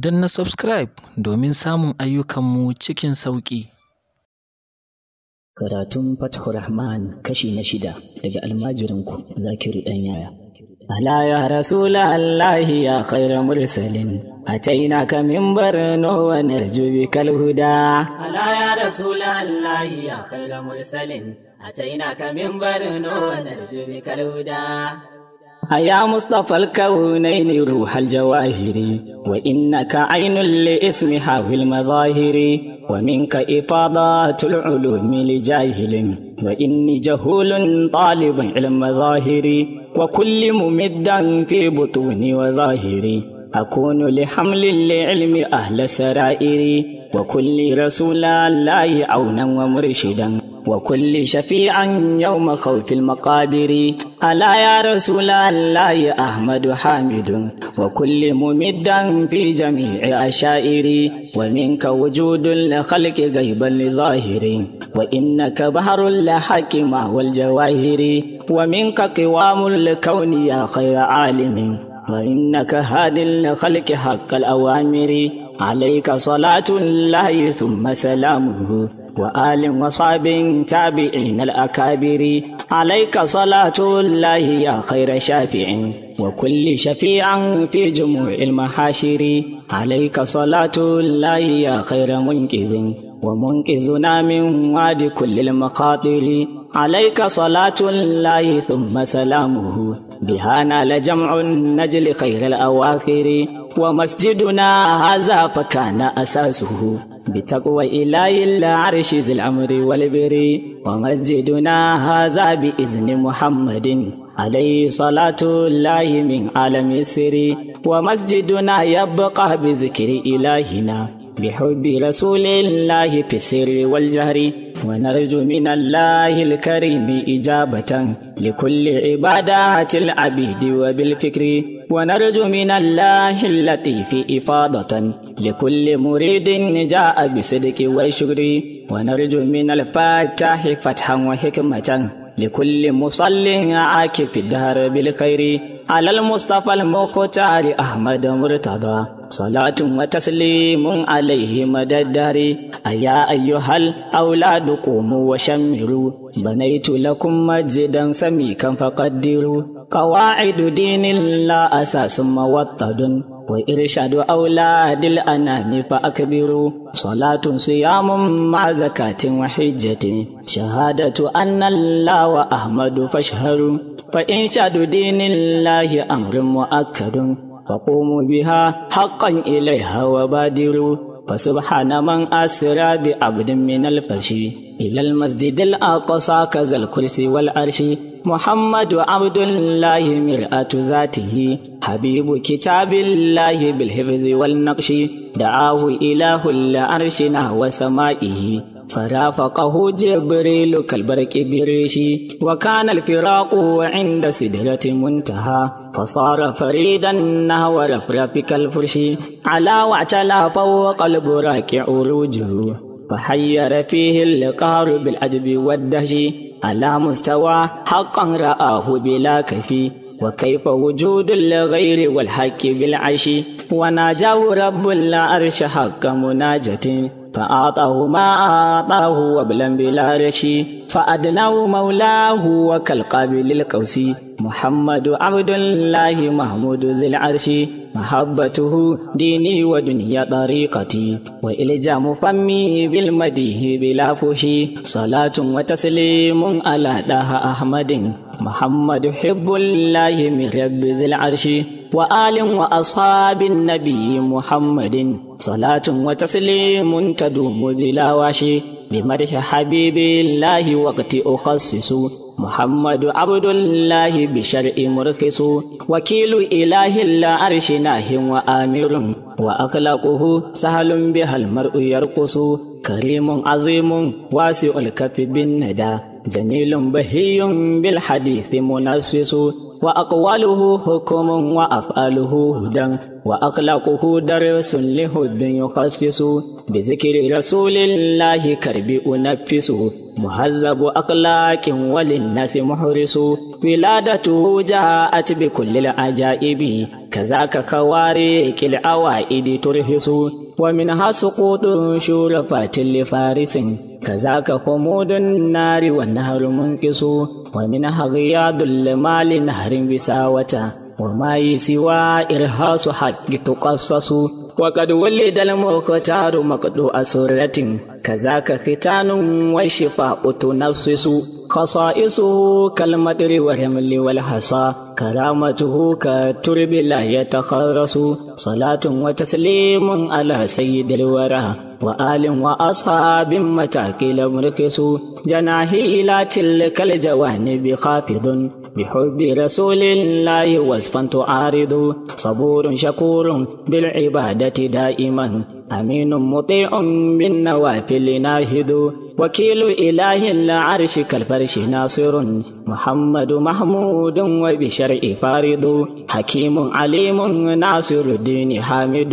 don na subscribe domin samun ayyukanmu cikin sauƙi. Karatun Fathur Rahman kashi na shida daga almajirinku Zakiru ɗan yaya. Ala ya Rasula Allahi ya khairar mursalin, a taina ka mimbar nowa narjubi kalhuda. Ala ya Rasula Allahi ya khairar mursalin, a taina ka mimbar nowa narjubi kalhuda. يا مصطفى الكونين روح الجواهر وإنك عين لاسمها في المظاهر ومنك إفاضات العلوم لجاهل وإني جهول طالب علم مظاهري وكل ممدا في بطوني وظاهري أكون لحمل لعلم أهل سرائري وكل رسول الله عونا ومرشدا وكل شفيعا يوم خوف المقابر ألا يا رسول الله أحمد حامد وكل ممدا في جميع أشائر ومنك وجود لخلق غيبا لظاهر وإنك بحر لحكمة والجواهر ومنك قوام الكون يا خير عالم وإنك هاد لخلق حق الأوامر عليك صلاة الله ثم سلامه وآل وصحاب تابعين الأكابر عليك صلاة الله يا خير شافع وكل شفيع في جموع المحاشر عليك صلاة الله يا خير منقذ ومنقذنا من وعد كل المخاطر عليك صلاة الله ثم سلامه بها نال جمع النجل خير الأواخر ومسجدنا هذا فكان أساسه بتقوى إله العرش ذي الأمر والبر ومسجدنا هذا بإذن محمد عليه صلاة الله من عالم السر ومسجدنا يبقى بذكر إلهنا بحب رسول الله في السر والجهر ونرجو من الله الكريم إجابة لكل عبادات العبيد وبالفكر ونرجو من الله اللطيف إفاضة لكل مريد جاء بصدق والشكر ونرجو من الفاتح فتحا وحكمة لكل مصل عاكف الدهر بالخير على المصطفى المختار أحمد مرتضى صلاة وتسليم عليه مدى الدهر أيا أيها الأولاد قوموا وشمروا بنيت لكم مسجدا سميكا فقدروا قواعد دين الله أساس موطد وإرشاد أولاد الأنام فأكبروا صلاة صيام مع زكاة وحجة شهادة أن الله وأحمد فاشهروا فإنشاد دين الله أمر مؤكد فقوموا بها حقا إليها وبادروا فسبحان من أسرى بعبد من الفشي إلى المسجد الأقصى كذا الكرسي والعرش محمد عبد الله مرآة ذاته حبيب كتاب الله بالحفظ والنقش دعاه إله العرش نحو سمائه فرافقه جبريل كالبرك بالريش وكان الفراق عند سدرة منتهى فصار فريدا نحو رفرف كالفرش على واعتلى فوق البراك عروجه فحير فيه القهر بالعجب والدهش على مستوى حقا رآه بلا كفي وكيف وجود الغير والحق بالعيش وناجاه رب العرش حق مناجة فأعطاه ما أعطاه وبلا بلا رشي فأدناه مولاه وكالقابل القوسي محمد عبد الله محمود ذي العرش محبته ديني ودنيا طريقتي وإلجام فمي بالمديه بلا فشي صلاة وتسليم على دها أحمد محمد حب الله من رب ذي العرش وآل وأصحاب النبي محمد صلاة وتسليم تدوم بلا وشي بمدح حبيب الله وقت أخصص محمد عبد الله بشرع مرخص وكيل إله العرش ناه وآمر وأخلاقه سهل بها المرء يرقص كريم عظيم واسع الكف بالندى جميل بهي بالحديث منسس وأقواله حكم وأفعاله هدى وأخلاقه درس لهد يخصص بذكر رسول الله كرب أنفسه مهذب أخلاق وللناس محرس ولادته جاءت بكل العجائب كذاك خوارق العوائد ترهس ومنها سقوط شرفات لفارس كذاك خمود النار والنهر منقص ومنها غياض المال نهر بساوة وما سوى إرهاص حق تقصص وقد ولد المختار مقدو أسرة كذاك ختان وشفاء تنفس خصائصه كالمدر والرمل والحصى كرامته كالترب لا يتخرس صلاة وتسليم على سيد الورى وآل وأصحاب متاكل مركس جناحي إلى تلك الجوانب خافض بحب رسول الله وصفا تعارض صبور شكور بالعبادة دائما أمين مطيع بالنوافل ناهد وكيل إله العرش كالفرش ناصر محمد محمود وبشرع فارض حكيم عليم ناصر الدين حامد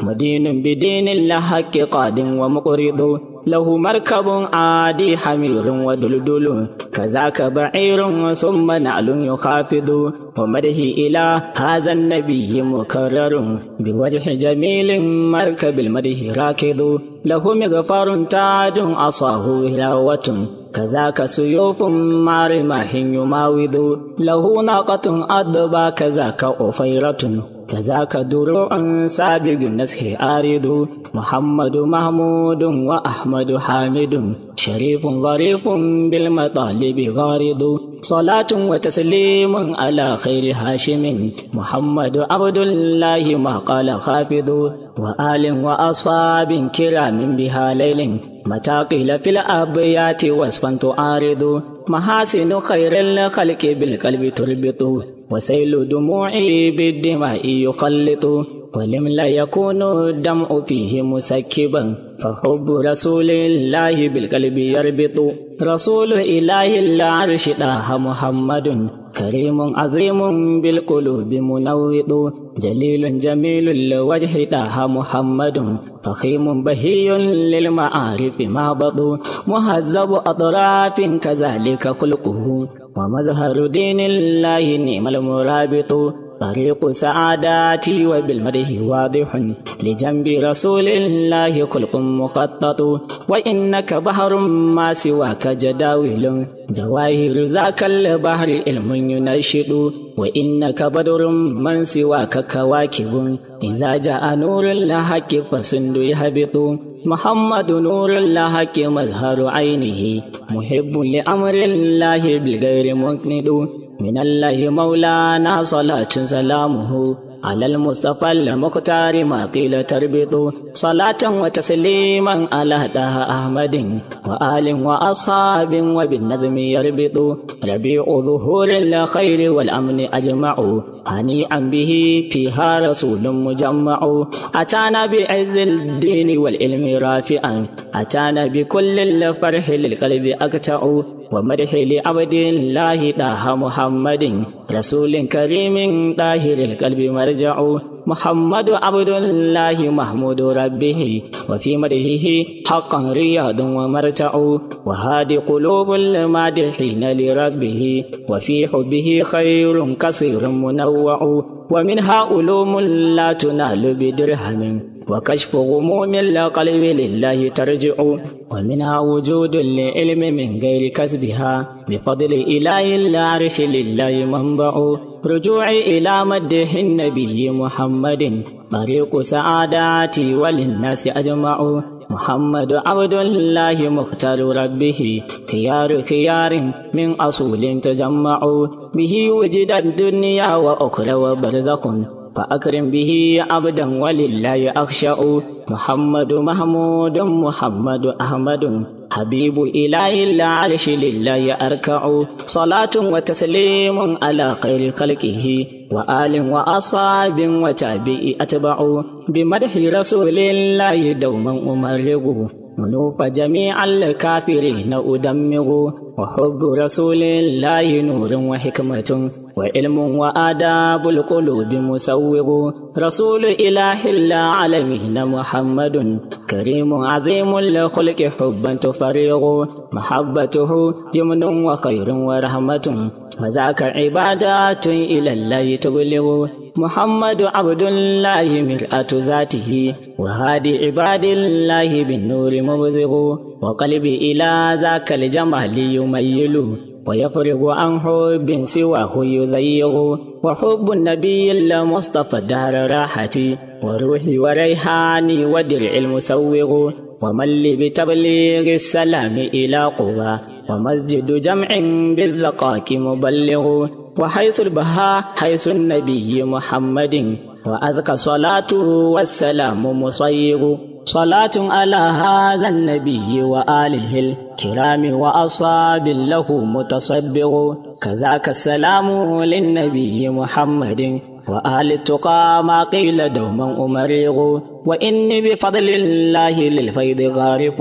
مدين بدين الله الحق قادم ومقرض له مركب عادي حمير ودلدل كذاك بعير ثم نعل يخافض ومره إلى هذا النبي مكرر بوجه جميل مركب المره راكض له مغفر تاج أصاه هلاوة كذاك سيوف مع رماح يماوض له ناقة أدبا كذاك أفيرة كذاك دروعا سابق النسخ آرد محمد محمود وأحمد حامد شريف ظريف بالمطالب غارد صلاة وتسليم على خير هاشم محمد عبد الله ما قال خافض وآل وأصحاب كرام بها ليل متى قيل في الأبيات وصفا تعارض محاسن خير الخلق بالقلب تربط وسيل دموعي بالدماء يخلط ولم لا يكون الدمع فيه مسكبا فحب رسول الله بالقلب يربط رسول إله العرش داها محمد كريم عظيم بالقلوب منوط جليل جميل الوجه داها محمد فخيم بهي للمعارف بطو مهذب أطراف كذلك خلقه ومظهر دين الله نعم المرابط طريق سعاداتي وبالمدح واضح لجنب رسول الله خلق مخطط وإنك بحر ما سواك جداول جواهر ذاك البحر علم ينشد وإنك بدر من سواك كواكب إذا جاء نور الحق فسند يهبط محمد نور الله مظهر عينه محب لأمر الله بالغير مقند من الله مولانا صلاة سلامه على المصطفى المختار ما قيل تربط صلاة وتسليما على هداها أحمد وآل وأصحاب وبالنظم يربط ربيع ظهور الخير والأمن أجمع هنيئا به فيها رسول مجمع أتانا بعز الدين والعلم رافعا أتانا بكل الفرح للقلب أقطع ومرح لعبد الله داها محمد رسول كريم داهر القلب مرجع محمد عبد الله محمود ربه وفي مدحه حقا رياض ومرتع وهادي قلوب المادحين لربه وفي حبه خير كثير منوع ومنها علوم لا تنال بدرهم وكشف غموم القلب لله ترجع ومنها وجود لعلم من غير كسبها بفضل إله العرش لله منبع رجوع إلى مده النبي محمد طريق سعاداتي وللناس أجمع محمد عبد الله مختار ربه خيار خيار من أصول تجمع به وجد الدنيا وأخرى وبرزق فأكرم به عبدا ولله أخشأ محمد محمود محمد أحمد حبيب إله العرش لله أركع صلاة وتسليم على خير خلقه وآل وأصحاب وتابع أتبع بمدح رسول الله دوما أمرغ منوف جميع الكافرين أدمغ وحب رسول الله نور وحكمة وعلم وآداب القلوب مسوغ رسول إله العالمين محمد كريم عظيم لخلق حبا تفريغ محبته يمن وخير ورحمة وذاك عبادات إلى الله تبلغ محمد عبد الله مرأة ذاته وهادي عباد الله بالنور مبذغ وقلبي إلى ذاك الجمال يميل ويفرغ عن حب سواه يذيغ وحب النبي المصطفى دار راحتي وروحي وريحاني ودرع المسوغ ومن لي بتبليغ السلام إلى قوى ومسجد جمع بالذقاك مبلغ وحيث البهاء حيث النبي محمد وأذكى صلاته والسلام مصيغ صلاة على هذا النبي وآله كرام وأصاب له متصبغ كذاك السلام للنبي محمد وأهل التقى ما قيل دوما أمرغ وإني بفضل الله للفيض غارف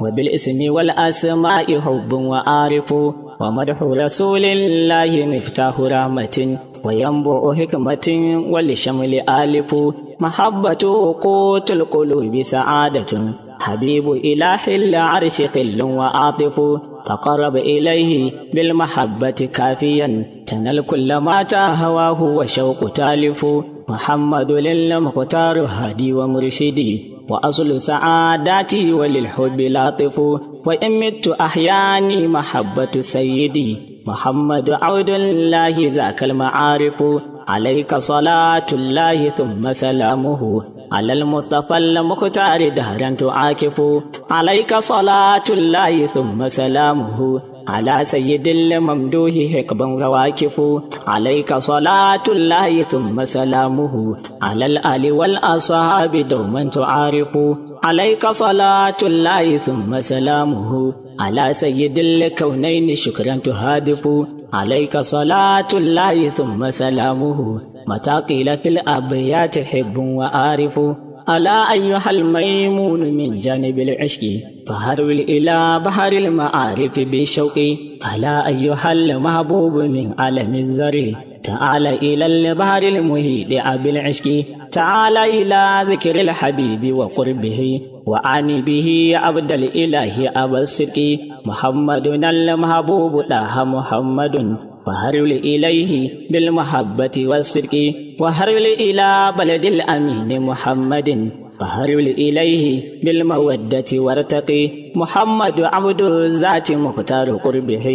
وبالاسم والأسماء حب وعارف ومدح رسول الله مفتاح رحمة وينبع حكمة ولشمل آلف محبة قوت القلوب سعادة حبيب إله العرش قل وعاطف تقرب إليه بالمحبة كافيا تنل كل ما تهواه وشوق تالف محمد للمختار هادي ومرشدي وأصل سعادتي وللحب لاطف وإن مت أحياني محبة سيدي محمد عبد الله ذاك المعارف عليك صلاة الله ثم سلامه على المصطفى المختار دهرا تعاكف عليك صلاة الله ثم سلامه على سيد الممدوه حقبا رواكف عليك صلاة الله ثم سلامه على الآل والأصحاب دوما تعارف عليك صلاة الله ثم سلامه على سيد الكونين شكرا تهادف عليك صلاة الله ثم سلامه متى قيل في الأبيات حب وآرف ألا أيها الميمون من جانب العشق فهرول إلى بحر المعارف بالشوق ألا أيها المحبوب من عالم الزري تعال إلى البحر المهيد بالعشق تعالى إلى ذكر الحبيب وقربه وعن به عبد الإله أبا السقي محمد المحبوب لها محمد وهرل إليه بالمحبة والصدق وهرل إلى بلد الأمين محمد وهرل إليه بالمودة وارتقي محمد عبد الذات مختار قربه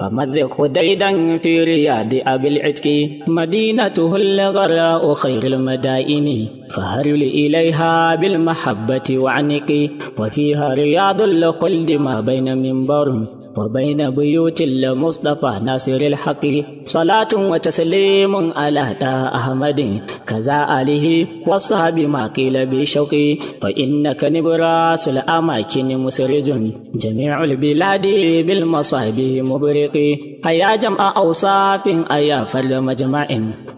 فمذق ديدا في رياض أبي العتك مدينته الغراء خير المدائن فهرل إليها بالمحبة وعنك وفيها رياض الخلد ما بين منبر وبين بيوت المصطفى ناصر الحق صلاة وتسليم على دا أحمد كذا آله وصحاب ما قيل بشوقي فإنك نبراس الأماكن مسرج جميع البلاد بالمصائب مبرق أيا جمع أوصاف أيا فل مجمع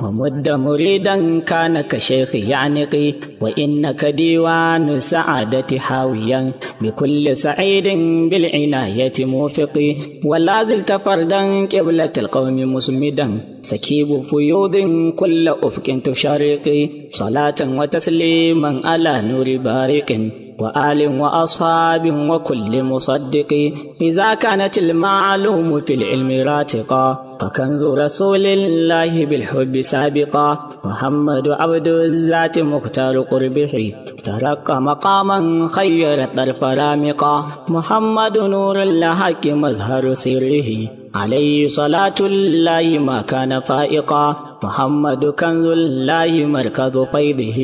ومد مريدا كان كشيخ يعنقي وإنك ديوان السعادة حاويا بكل سعيد بالعناية موفقي ولا زلت فردا قبلة القوم مسمدا سكيب فيوض كل أفق تشارقي صلاة وتسليما على نور بارق وآل وأصحاب وكل مصدق إذا كانت المعلوم في العلم راتقا فكنز رسول الله بالحب سابقا محمد عبد الذات مختار قربه ترقى مقاما خير الطرف رامقا محمد نور الحق مظهر سره عليه صلاة الله ما كان فائقا محمد كنز الله مركز قيده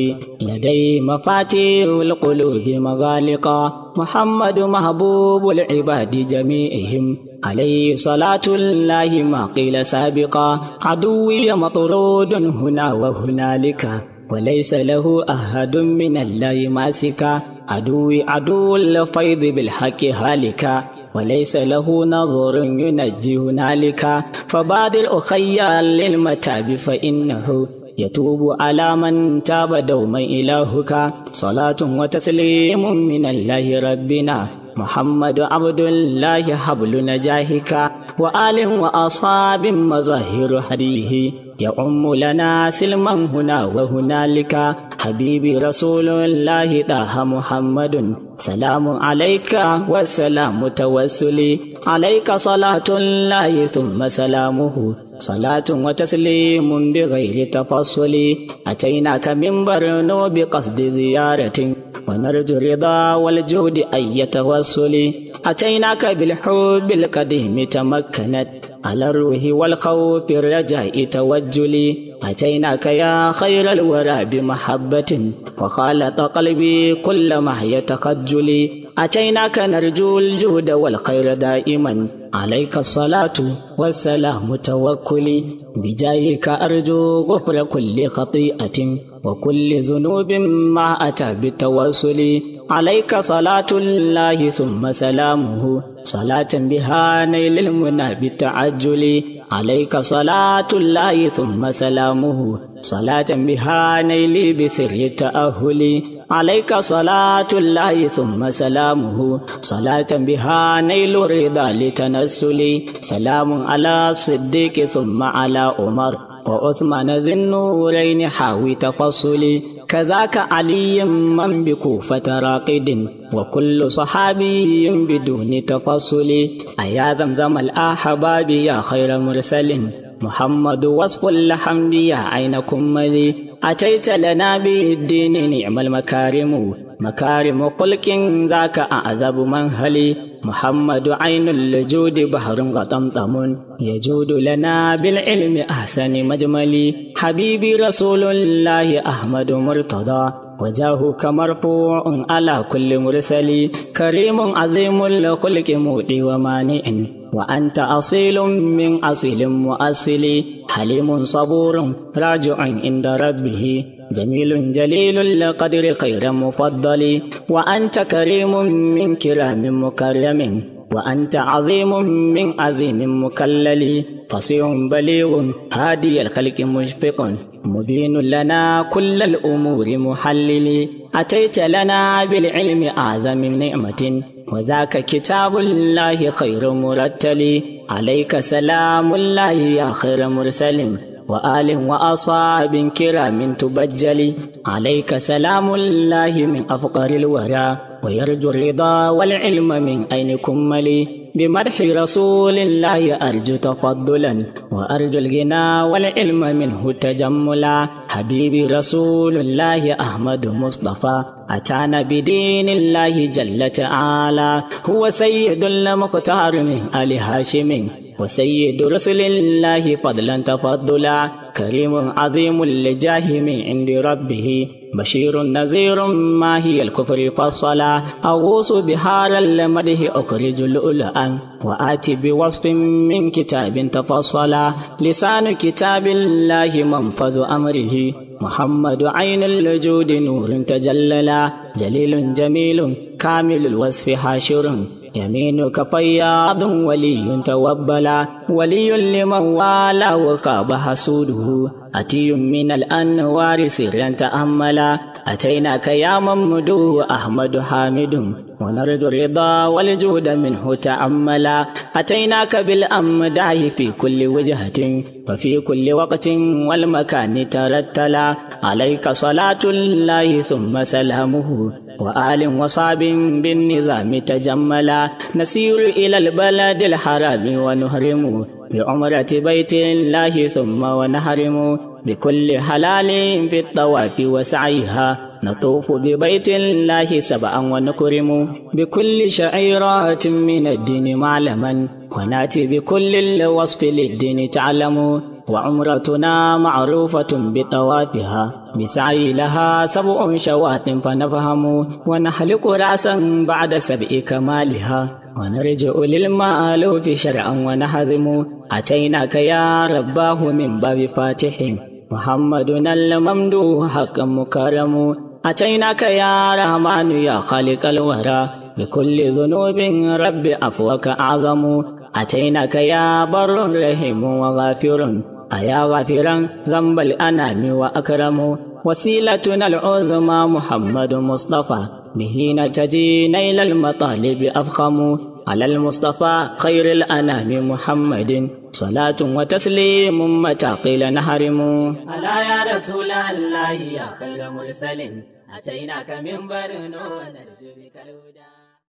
لدي مفاتيح القلوب مغالقا محمد محبوب العباد جميعهم عليه صلاة الله ما قيل سابقا عدوي مطرود هنا وهنالك وليس له أحد من الله ماسكا عدوي عدو الفيض بالحق هالكا وليس له نظر ينجي هنالك فبعد أخيا للمتاب فإنه يتوب على من تاب دوما إلهك صلاة وتسليم من الله ربنا محمد عبد الله حبل نجاهك وآل وأصاب مظاهر هديه يعم لنا سلما هنا وهنالك حبيبي رسول الله طه محمد سلام عليك وسلام توسلي عليك صلاة الله ثم سلامه صلاة وتسليم بغير تفصل أتيناك من برنو بقصد زيارة ونرجو الرضا والجود أي يتوصلي أتيناك بالحب القديم تمكنت على الروح والخوف الرجاء توجلي أتيناك يا خير الورى بمحبة وخالط قلبي كل ما هي تخجلي أتيناك نرجو الجود والخير دائما عليك الصلاة والسلام توكلي بجاهك أرجو غفر كل خطيئة وكل ذنوب ما أتى بالتوسل عليك صلاة الله ثم سلامه صلاة بها نيل المنى بالتعجل عليك صلاة الله ثم سلامه صلاة بها نيل بسر التأهل عليك صلاة الله ثم سلامه صلاة بها نيل رضا لتنسلي سلام على صديق ثم على عمر وعثمان ذي النورين حاوي تفصلي كذاك علي من بكوفة راقد وكل صحابي بدون تفصلي أيا ذمذم الأحباب يا خير مرسل محمد وصف الحمد يا عينكم مذي أتيت لنا بالدين نعم المكارم مكارم خلق ذاك أعذب منهلي محمد عين الجود بحر غطمطم يجود لنا بالعلم أحسن مجملي حبيبي رسول الله أحمد مرتضى وجاه كمرفوع على كل مرسل كريم عظيم الخلق مودي ومانع وأنت أصيل من أصيل مؤصل حليم صبور راجع عند ربه جميل جليل لقدر خير مفضل وأنت كريم من كرام مكرم وأنت عظيم من عظيم مكلل فصيح بليغ هادي الخلق مشفق مبين لنا كل الأمور محللي أتيت لنا بالعلم أعظم نعمة وذاك كتاب الله خير مرتل عليك سلام الله يا خير مرسل وآل وأصحاب كرام تبجلي عليك سلام الله من أفقر الورى ويرجو الرضا والعلم من أين كملي بمدح رسول الله أرجو تفضلا وأرجو الغنى والعلم منه تجملا حبيبي رسول الله أحمد مصطفى أتانا بدين الله جل تعالى هو سيد المختار من آل هاشم وسيد رسل الله فضلا تفضلا كريم عظيم لجاه من عند ربه بشير نذير ما هي الكفر فالصلاة أغوص بحار المده أخرج الألآن وآتي بوصف من كتاب تفصلا لسان كتاب الله منفذ أمره محمد عين الوجود نور تجللا جليل جميل كامل الوصف حاشر يمينك فياض ولي توبلا ولي لمن والى وخاب حسوده أتي من الأنوار سرا تأملا أتيناك يا ممدو أحمد حامد ونرد الرضا والجود منه تأملا أتيناك بالأمداح في كل وجهة وفي كل وقت والمكان ترتلا عليك صلاة الله ثم سلامه وآل وصاب بالنظام تجملا نسير إلى البلد الحرام ونهرمه بعمرة بيت الله ثم ونحرم بكل حلال في الطواف وسعيها نطوف ببيت الله سبعا ونكرم بكل شعيرات من الدين معلما وناتي بكل الوصف للدين تعلم وعمرتنا معروفة بطوافها بسعي لها سبع شواط فنفهم ونحلق رأسا بعد سبع كمالها ونرجع للمألوف شرعا ونحذم أتيناك يا رباه من باب فاتح محمد الممدوح حق مكرم أتيناك يا رحمن يا خالق الورى بكل ذنوب رب أفوك أعظم أتيناك يا بر رحيم وغافر أيا غافرا ذنب الأنام وأكرم وسيلتنا العظمى محمد مصطفى به نلتجي نيل المطالب أفخم على المصطفى خير الأنام محمد صلاة وتسليم متى قيل نحرم ألا يا رسول الله يا خير مرسل أتيناك من برنو نرجو بك الهدى